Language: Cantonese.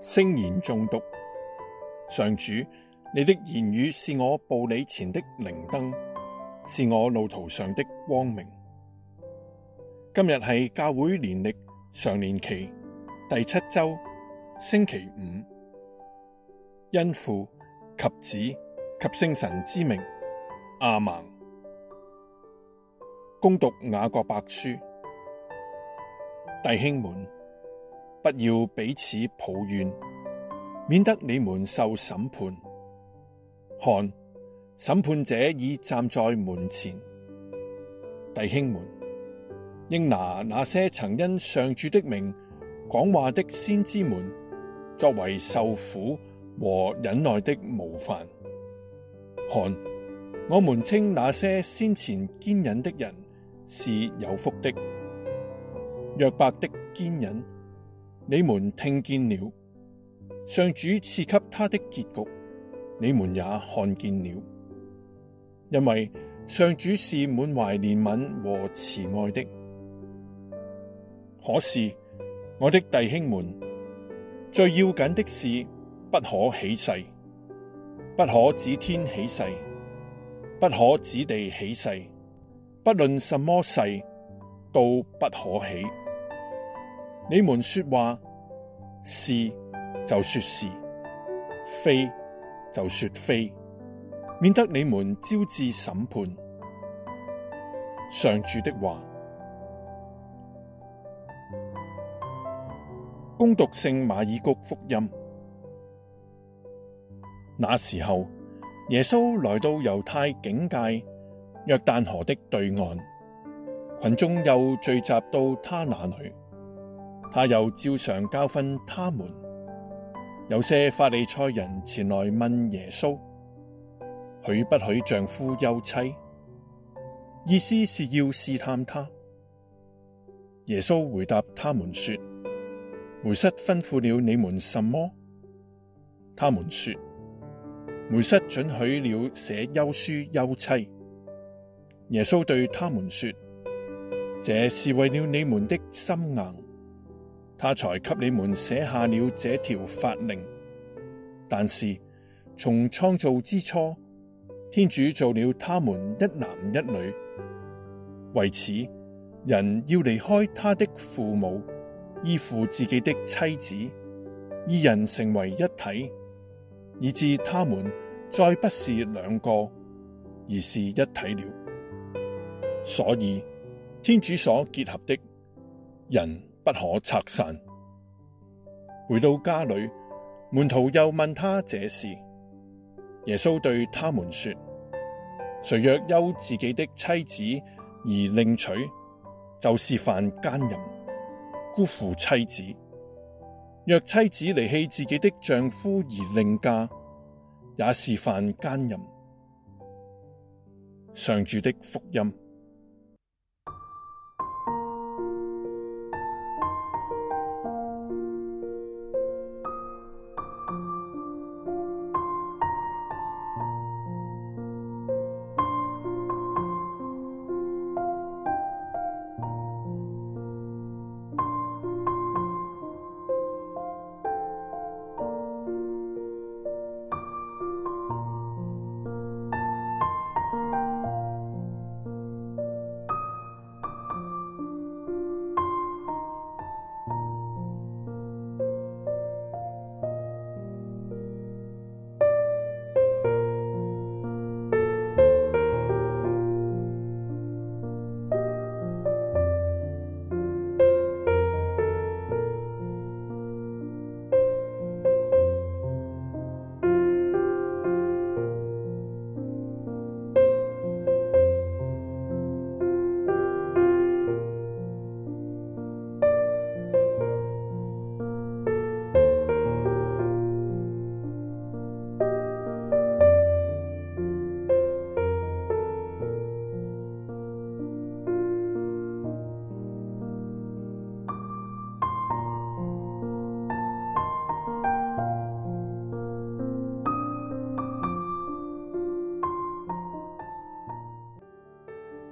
聖言誦讀，上主，你的言語是我步履前的靈燈，是我路途上的光明。今日係教會年曆常年期第七週，星期五。因父及子及聖神之名，亞孟，恭讀雅各伯書，弟兄們不要彼此抱怨，免得你們受審判。看，審判者已站在門前，弟兄們應拿那些曾因上主的名講話的先知們作為受苦。和忍耐的模範，看，我們稱那些先前堅忍的人是有福的。約伯的堅忍，你們聽見了；上主賜給他的結局，你們也看見了。因為上主是滿懷憐憫和慈愛的。可是我的弟兄們，最要緊的是。不可起誓，不可指天起誓，不可指地起誓，不論什麼誓都不可起。你們說話是就說是，非就說非，免得你們招致審判。上主的話，恭讀聖馬爾谷福音。那時候，耶穌來到猶太境界，約旦河的對岸，群眾又聚集到他那裏，他又照常教訓他們。有些法利賽人前來問耶穌，許不許丈夫休妻？意思是要試探他。耶穌回答他們說：梅瑟吩咐了你們什麼？他們說。梅瑟准許了寫休書休妻，耶穌對他們說：這是為了你們的心硬，他才給你們寫下了這條法令。但是從創造之初，天主造了他們一男一女，為此人要離開他的父母，依附自己的妻子，二人成為一體。以致他們再不是兩個，而是一體了。所以，天主所結合的，人不可拆散。回到家裏，門徒又問他這事。耶穌對他們說：誰若休自己的妻子而另娶，就是犯奸淫，辜負妻子。若妻子離棄自己的丈夫而另嫁，也是犯奸淫。上主的福音。